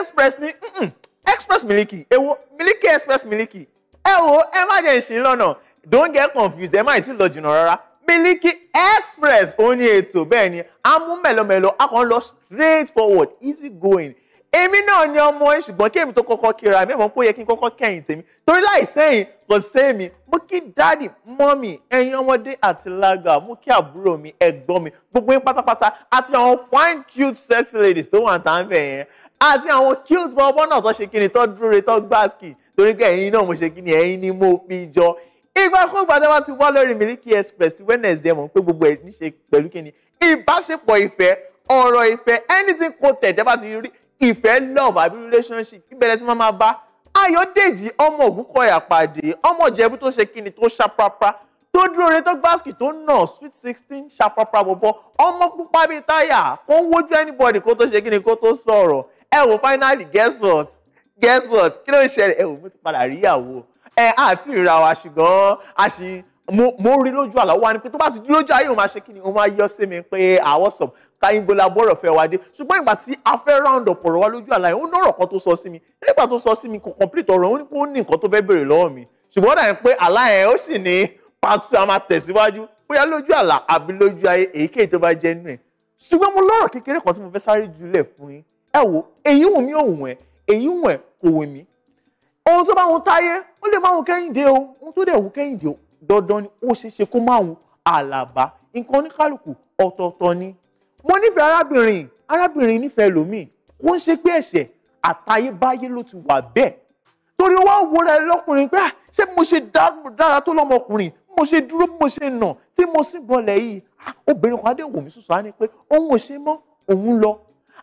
express ní express miliki Ewo miliki express miliki Ewo wo ẹ má jẹ́ ìṣìn lọ́nà don't get confused ẹ má ì tí lọ jìnnà rárá miliki express ó ní ètò bẹ́ẹ̀ ni a mú mẹ́lọmẹ́lọ a kàn lọ straight forward easy going èmi náà ni ọmọ ẹ ṣùgbọ́n kí èmi tó kọ́kọ́ kíra mi mọ̀ pé ó yẹ kí n kọ́kọ́ kẹ́yìn tèmi torí láì sẹ́yìn kò sẹ́mi mo kí dáàdì mọ́mì ẹ̀yin ọmọdé àti lágbà mo kí àbúrò mi ẹ̀gbọ́n mi gbogbo yín pátápátá àti àwọn fine cute sexy ladies tó wà tá à ń bẹ̀ yẹn àti àwọn kills bọ́ ọbọ̀ náà tó ṣe kíni tó dúró re tó gbáàsì torí pé ẹ̀yin náà mo ṣe kíni ẹ̀yin ni mo fi jọ ìgbàkúgbà tí wọ́n ti wá lórí Miliki Express ti Wednesday mọ̀ pé gbogbo ẹ̀ ní ṣe pẹ̀lú kíni ìbáṣepọ̀ ìfẹ́ ọ̀rọ̀ ìfẹ́ anything kò tẹ̀ tẹ́ bá ti rí ìfẹ́ love àbí relationship ìbẹ̀rẹ̀ tí wọ́n máa bá Ayọ̀dèjì ọmọ Ògúnkọ̀yà pàdé ọmọ Ìjẹ̀bú tó ṣe kíni tó ṣapapa tó dúró re tó gbáàsì tó nà sweet sixteen ṣapapa bọ̀bọ̀ ọmọ pupa bíi táyà kó wójú anybody kó tó ṣe kíni kó tó sọ̀rọ̀ ẹ wò finally guess what guess what kí ló ń ṣẹlẹ̀ ẹ wò mo ti padà rí ìyàwó ẹ àti ìra wa ṣùgbọ́n a ṣì mo rí lójú àlá wa ni pé tó bá ti jí lójú ayé òun máa ṣe kí ni òun máa yọ sí mi pé àwọn sọ̀m káyíngbó la bọ́rọ̀ fẹ́ wa dé ṣùgbọ́n ìgbà tí a fẹ́ round up ọ̀rọ̀ wa lójú àlá yẹn ó ní ọ̀rọ̀ kan tó sọ sí mi nígbà tó sọ sí mi kò complete ọ̀rọ̀ ó ní nǹkan tó fẹ́ béèrè lọ́wọ́ mi ṣùgbọ́n ó dà ní pé àlá yẹn ó sì ní pàtó a máa tẹ̀síwájú bóyá lójú àlá àbí lójú ayé èyíkéyìí tó bá jẹ́ nù ẹ̀ ṣùgbọ́n mo lọ́rọ̀ kékeré kan tí mo fẹ́ sáré jùlẹ̀ fún yín ẹ wo èyí wù mí òun ẹ èyí wù ẹ kò wù mí ohun tó bá wọn táyé ó lè má wọn kẹ́hìndé o ohun tó dẹ̀ wù kẹ́hìndé o dandan ni ó ṣeé ṣe kó má wọn àlàbá nǹkan oníkálukú ọ̀tọ̀ọ̀tọ̀ ni mo nífẹ̀ẹ́ arábìnrin arábìnrin nífẹ̀ẹ́ lòmíì kó ń ṣe pé ẹ̀ṣẹ̀ àtayébáyé ló ti wà bẹ́ẹ̀ torí ó wá wọra ẹ lọ́kùnrin pé ṣé mo ṣe dára tó lọ́mọkùnrin mo ṣe dúró mo ṣe nà tí mo sì gbọ́lẹ̀ yìí obìnrin kan adé wò á ní pé òun ò ṣe mọ́ òun lọ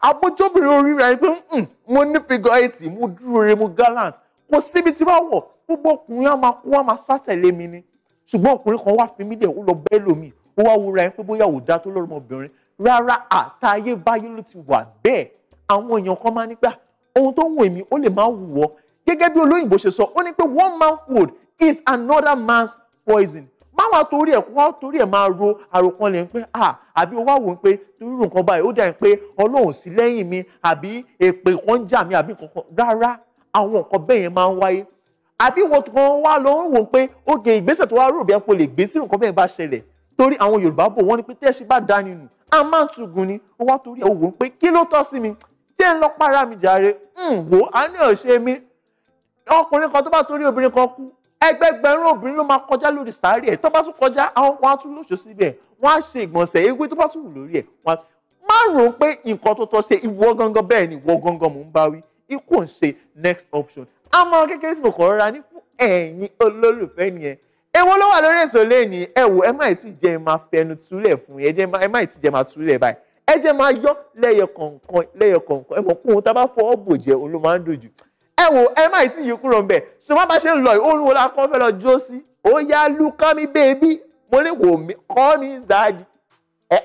abójóbìnrin orí rẹ̀ pé hmm, mo ní figure eight mo dúró re mo gallant kò síbi tí bá wọ̀ gbogbo ọkùnrin á máa máa sátẹ̀lé mi ni ṣùgbọ́n ọkùnrin kan wá fi mí dẹ̀ ó lọ bẹ́ẹ̀ lómi ó wá wúra ẹ pé bóyá ò dá tó lọ́rọ̀mọbìnrin rárá àtayébáyé ló ti wà bẹ́ẹ̀ àwọn èèyàn kan máa ń nígbà ah, ohun tó wù mí ó lè máa wù ọ́ gẹ́gẹ́ bí olóyìnbó ṣe sọ ó ní pé one man food is another man's poison máwa torí ẹ̀ kọ́ torí ẹ̀ máa ro àròkan lè ń pé à àbí owó àwọn ń pé torí irú nǹkan báyìí ó dà ń pé ọlọ́run sí lẹ́yìn mi àbí èpè kan ń jà mí àbí nǹkan kan rárá àwọn nǹkan bẹ́ẹ̀ yẹn máa ń wáyé àbí wọn kan wá lọ ń wò pé oge ìgbésẹ̀ tó wá rò bí ẹ lè gbé sí nǹkan bẹ́ẹ̀ bá ṣẹlẹ̀ torí àwọn Yorùbá bò wọ́n ní pé tẹ́ṣí bá dání nù a máa ń tugun ni ó wá torí ẹ̀ wò ó pé kí ló tọ́ sí mi jẹ́ ń lọ para mi jàre ń wò á ní ọ̀ṣẹ́ mi ọkùnrin kan tó bá torí obìnrin kan kú ẹgbẹgbẹ̀rún obìnrin ló máa kọjá lórí sàárè ẹ̀ tó bá tún kọjá àwọn kan á tún lóṣù síbẹ̀ wọ́n á ṣe ìgbọ̀nsẹ̀ ewé tó bá tún wù lórí ẹ̀ wọ́n á má rò ó pé nǹkan tó tọ́ ṣe ìwọ gangan bẹ́ẹ̀ ni ìwọ gangan mò ń bá wí ikú ń ṣe next option àmọ́ kékeré tí mo kọ̀ rọra ní fún ẹ̀yin olólùfẹ́ nìyẹn èwo ló wà lórí ètò lẹ́ni ẹ wò ẹ má ì tí jẹ́ máa fẹnu túlẹ̀ fún yẹn ẹ má ì tí jẹ́ máa túlẹ̀ báyìí ẹ jẹ́ máa yọ́ lẹ́yọ kọ̀ọ̀kan lẹ́yọ kọ̀ọ̀kan ẹ mọ̀ kóhun tá a bá fọwọ́ bò jẹ́ òun ló máa ń dùn jù ẹ wò ẹ má tí yìí kúrò ńbẹ ṣùgbọ́n bá ṣe ń lọ ìhóòrùn wo la kọ́ fẹ́ lọ jó sí ó yá lu kọ́ mi bébí mo ní wò mí kọ́ mi dáàdì ẹ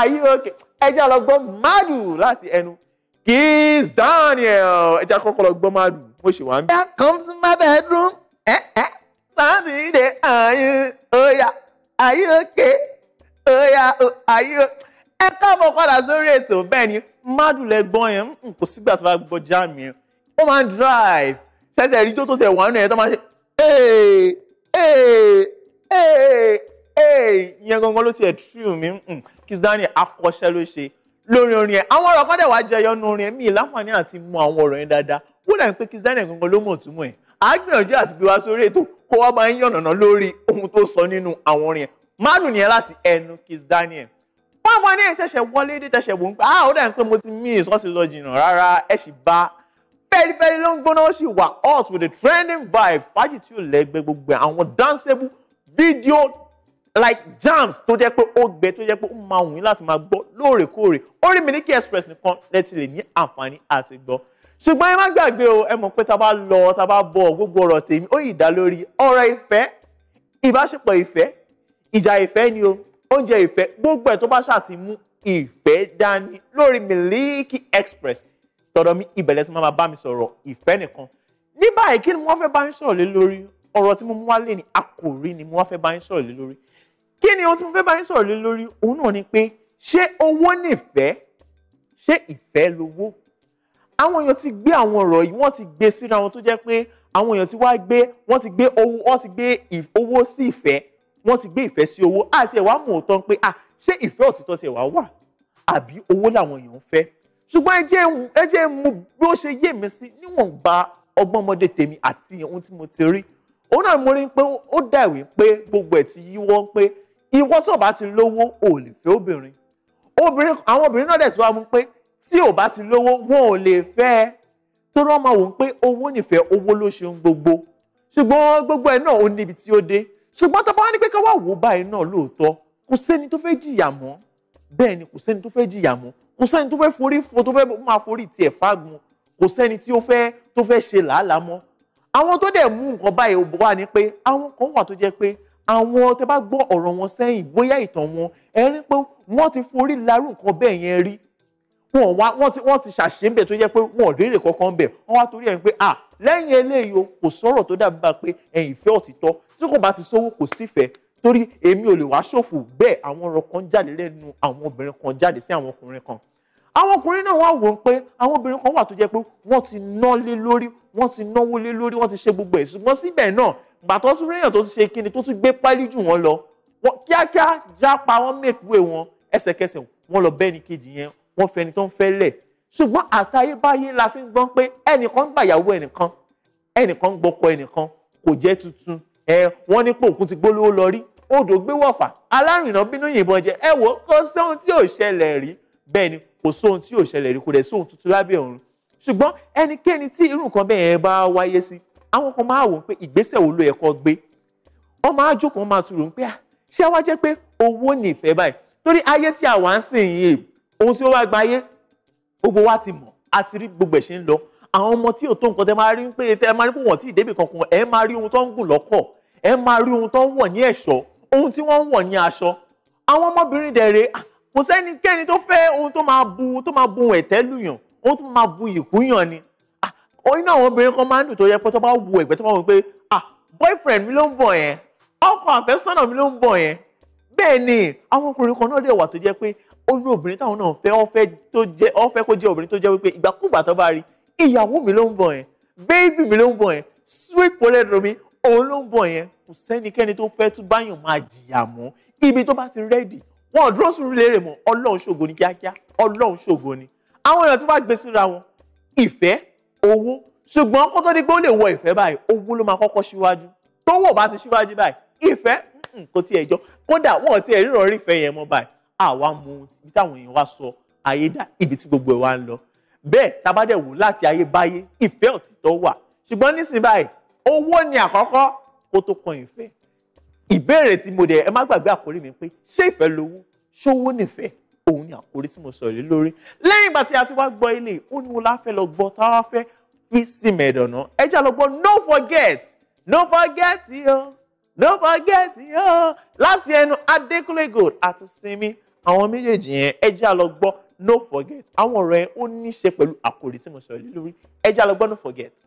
ayé òkè ẹ lọ gbọ́ mádù láti ẹnu Kiss Daniel ẹ jẹ́ kọ́kọ́ lọ gbọ́ mádù mo ṣì wá ń bí. ya come to my bedroom ẹ ẹ Sunday ayé oya ayé òkè oya ayé òkè ẹ káàbọ̀ padà sórí ètò bẹ́ẹ̀ ni Madu lẹ gbọ́ yẹn hmm, kò sígbà tó bá gbọ́ jáàmù yẹn ó máa ń drive ṣẹ̀ṣẹ̀ rí tó tó ṣe wà nù ẹ̀ tó máa ṣe ee ee ee ee ìyẹn gangan ló ti ẹ̀ tírù mi Kiss Daniel akọ́ṣẹ́ ló ṣe lórí orin ẹ̀ àwọn ọ̀rọ̀ kan dẹ̀ wá jẹyọ nù orin ẹ̀ mí láǹfààní àti mọ àwọn ọ̀rọ̀ yẹn dáadáa wọ́n dà ní pé Kiss Daniel gangan ló mọ̀ túmọ̀ ẹ̀ á gbìyànjú àti gbé wá sórí ètò kó wá máa ń yànnàná lórí ohun tó sọ nínú àwọn orin ẹ̀ márùn nìyẹn láti ẹnu Kiss Daniel fún àwọn ẹni ẹ̀ tẹ̀sẹ̀ wọlé dé tẹ̀sẹ̀ wò ń pẹ́ ah ó dà ní pé mo ti mí ìsọ́sí lọ jìnnà rárá ẹ̀ sì bá fẹ́ẹ́rẹ́fẹ́ẹ́rẹ́ ló ń gbóná ó sì wà hot with a trending vibe fàájì tí ó lẹ́gbẹ́ gbogbo àwọn danceable video like jams tó jẹ́ pé ó gbẹ tó jẹ́ pé ó máa wùn yín láti máa gbọ́ lóòrèkóòrè orí Miliki Express nìkan lẹ́tì lè ní àǹfààní àti gbọ́ ṣùgbọ́n ẹ má gbàgbé o ẹ mọ̀ pé ta bá lọ ta bá bọ̀ gbogbo ọ̀rọ̀ tèmi ó yìí dá lórí ọ̀rọ̀ ìfẹ́ ìbáṣepọ̀ ìfẹ́ ìjà ìfẹ́ ni o oúnjẹ ìfẹ́ gbogbo ẹ̀ tó bá ṣàtìmú ìfẹ́ dání lórí Miliki Express tọ̀dọ̀ mi ìbẹ̀lẹ̀ tí máa bá mi sọ̀rọ̀ ìfẹ́ nìkan ní báyìí kí ni mo wá fẹ́ bá yín sọ̀rọ̀ lé lórí ọ̀rọ̀ tí mo mú wá lé ní àkòrí ni mo wá fẹ́ bá yín sọ̀rọ̀ lé lórí kí ni ohun tí mo fẹ́ bá yín sọ̀rọ̀ lé lórí òun náà ni pé ṣé owó nìfẹ́ ṣé ìfẹ́ lówó àwọn èèyàn ti gbé àwọn ọ̀rọ̀ yìí wọ́n ti gbé síra wọn tó jẹ́ pé àwọn èèyàn ti wá gbé wọ́n ti gbé owó sí ìfẹ́ wọ́n ti gbé ìfẹ́ sí owó àti ẹ̀wà mọ̀ pé ah ṣé ìfẹ́ òtítọ́ ti ẹ̀wà wà àbí owó làwọn èèyàn fẹ́ ṣùgbọ́n ẹ jẹ́ mu bí ó ṣe yé mi sí níwọ̀nba ọgbọ́n ọmọdé tèmi àti ohun tí mo ti rí òun náà mo rí pé ó dàwí pé gbogbo ẹ̀ ti yíwọ́ pé ìwọ tó bá ti lówó ò lè fẹ́ obìnrin obìnrin àwọn obìnrin náà dẹ̀ tí wàá mú pé tí ò bá ti lówó wọn ò lè fẹ́ ẹ torí wọn máa wò ó pé owó nífẹ̀ẹ́ owó ló ṣe ń gbogbo ṣùgbọ́n gbogbo ẹ̀ náà ó níbi tí ó dé ṣùgbọ́n tó bá ní pé ká wò ó báyìí náà lóòótọ́ kò sẹ́ni tó fẹ́ jìyà mọ́ bẹ́ẹ̀ ni kò sẹ́ni tó fẹ́ jìyà mọ́ kò sẹ́ni tó fẹ́ forí fo tó fẹ́ máa forí tiẹ̀ fágun kò sẹ́ni tí ó fẹ́ tó fẹ́ ṣe làálàá mọ́ àwọn tó dẹ̀ mú nǹkan báyìí ò wá ní pé àwọn kan wà tó jẹ́ pé àwọn tẹ́ bá gbọ́ ọ̀rọ̀ wọn sẹ́yìn bóyá ìtàn wọn ẹ rí pé wọ́n ti forí larú nǹkan bẹ́ẹ̀ yẹn rí wọn wá wọ́n ti wọ́n ti ṣàṣe ń bẹ tó jẹ́ pé wọn ò rírè kankan bẹ wọ́n wá torí ẹ̀ ń pé à lẹ́yìn eléyìí o kò sọ̀rọ̀ tó dàbí bá pé ẹ̀yìn ìfẹ́ òtítọ́ tí kò bá ti sówó kò sífẹ̀ẹ́ torí èmi ò lè wá ṣòfò bẹ́ẹ̀ àwọn ọ̀rọ̀ kan jáde lẹ́nu àwọn obìnrin kan jáde sí àwọn ọkùnrin kan àwọn ọkùnrin náà wá wò ó pé àwọn obìnrin kan wà tó jẹ́ pé wọ́n ti ná lé lórí wọ́n ti náwó lé lórí wọ́n ti ṣe gbogbo ẹ̀ ṣùgbọ́n síbẹ̀ náà gbàtọ́ tún réyàn tó ti ṣe kíni tó tún gbé pálí jù wọ́n lọ kíákíá jápa wọ́n mèkúwé wọn ẹsẹ̀kẹsẹ̀ wọ́n lọ bẹ́ẹ̀ ni kejì yẹn wọ́n fẹ́ni tó ń fẹ́ lẹ̀ ṣùgbọ́n àtayébáyé la ti ń gbọ́n pé ẹnìkan gbà yàwó ẹnìkan ẹnìkan gbọ́kọ ẹnìkan kò jẹ́ tuntun ẹ wọ́n ní pé òkú ti gbólówó lọ rí odò gbé wọ̀fà alárìnà bínú yìnbọn jẹ ẹ wò kò sóhun tí ò ṣẹlẹ̀ rí bẹ́ẹ̀ ni kò sóhun tí ò ṣẹlẹ̀ rí kò dẹ̀ sóhun tuntun lábẹ́ ọ̀run ṣùgbọ́n ẹnikẹ́ni tí irú nǹkan bẹ́ẹ̀ bá wáyé sí àwọn kan máa wò pé ìgbésẹ̀ wo ló yẹ kó gbé wọ́n máa jókòó máa tún rò pé ah, ṣé wá jẹ́ pé owó nìfẹ́ báyìí torí ayé tí àwa ń sìn yìí ohun tí ó wá gba ayé gbogbo wa ti mọ̀ àti rí gbogbo ẹ̀ ṣe ń lọ àwọn ọmọ tí ò tó nǹkan tẹ máa rí pé tẹ máa rí pé wọ́n ti débì kankan ẹ máa rí ohun tó ń gùn lọ́kọ̀ ẹ máa rí ohun tó ń wọ̀ ní ẹ̀ṣọ́ ohun tí wọ́n ń wọ̀ ní aṣọ àwọn ọmọbìnrin dẹ̀ rèé ah, kò sẹ́nikẹ́ni tó fẹ́ ohun tó máa bu tó máa bu ẹ̀tẹ́ lùyàn ohun tó máa bu ìkúyàn ni ah, oyin náà àwọn obìnrin kan máa ń dùn tó yẹ pé tó bá wo ẹ̀gbẹ́ tó bá wọ pé ah boyfriend mi ló ń bọ̀ yẹn ọkọ àfẹ́sọ́nà mi ló ń bọ̀ yẹn bẹ́ẹ̀ ni àwọn ọkùnrin kan náà dẹ̀ wà tó jẹ́ pé olú obìnrin táwọn náà fẹ́ ọ̀fẹ́ tó jẹ́ ọ̀fẹ́ kó jẹ́ obìnrin tó jẹ́ wípé ìgbàkúgbà tó bá rí ìyàwó mi ló ń bọ̀ yẹn bẹ́ẹ̀bì mi ló ń bọ̀ yẹn sweet potato mi òun ló ń bọ̀ yẹn kò sẹ́nikẹ́ni tó fẹ́ tún báyàn máa jìyà mọ́ ibi tó bá ti rẹ́dì wọn ò dúró sùn lérè mọ́ ọlọ́run ṣògo ni kíákíá ọlọ́run ṣògo ni àwọn èèyàn tí wọ́n á gbé síra wọn ìfẹ́ owó ṣùgbọ́n kó tó di pé ó lè wọ ìfẹ́ báyìí owó ló máa kọ́kọ́ síwájú tó wọ̀ bá ti síwájú báyìí ìfẹ́ kò tiẹ̀ jọ kódà wọn ò tiẹ̀ ríran rí ìfẹ́ yẹn mọ́ báyìí àwa mú ibi táwọn èèyàn wá sọ ibi tí gbogbo ẹ̀ wá ń lọ bẹ́ẹ̀ tabadẹ̀ wò láti ayé báyé ìfẹ́ òtítọ́ owó ni àkọ́kọ́ kó tó kan ìfẹ́ ìbéèrè tí mo dẹ̀ ẹ má gbàgbé àkórí mi pé ṣé ìfẹ́ lówó ṣówó nífẹ̀ẹ́ òun ni àkórí tí mo sọ̀rọ̀ lé lórí lẹ́yìn ìgbà tí a ti wá gbọ́ ilé ó ní mo láfẹ́ lọ gbọ́ tá a wá fẹ́ fi símẹ̀ dànà ẹ já lọ gbọ́ no forget no forget yo no forget yo láti ẹnu Adékúnlé Gold àti Simi àwọn méjèèjì yẹn ẹ já lọ gbọ́ no forget àwọn ọ̀rọ̀ yẹn ó ní í ṣe pẹ̀lú àkórí tí mo sọ̀rọ̀ lé lórí ẹ lọ gbọ́ no forget.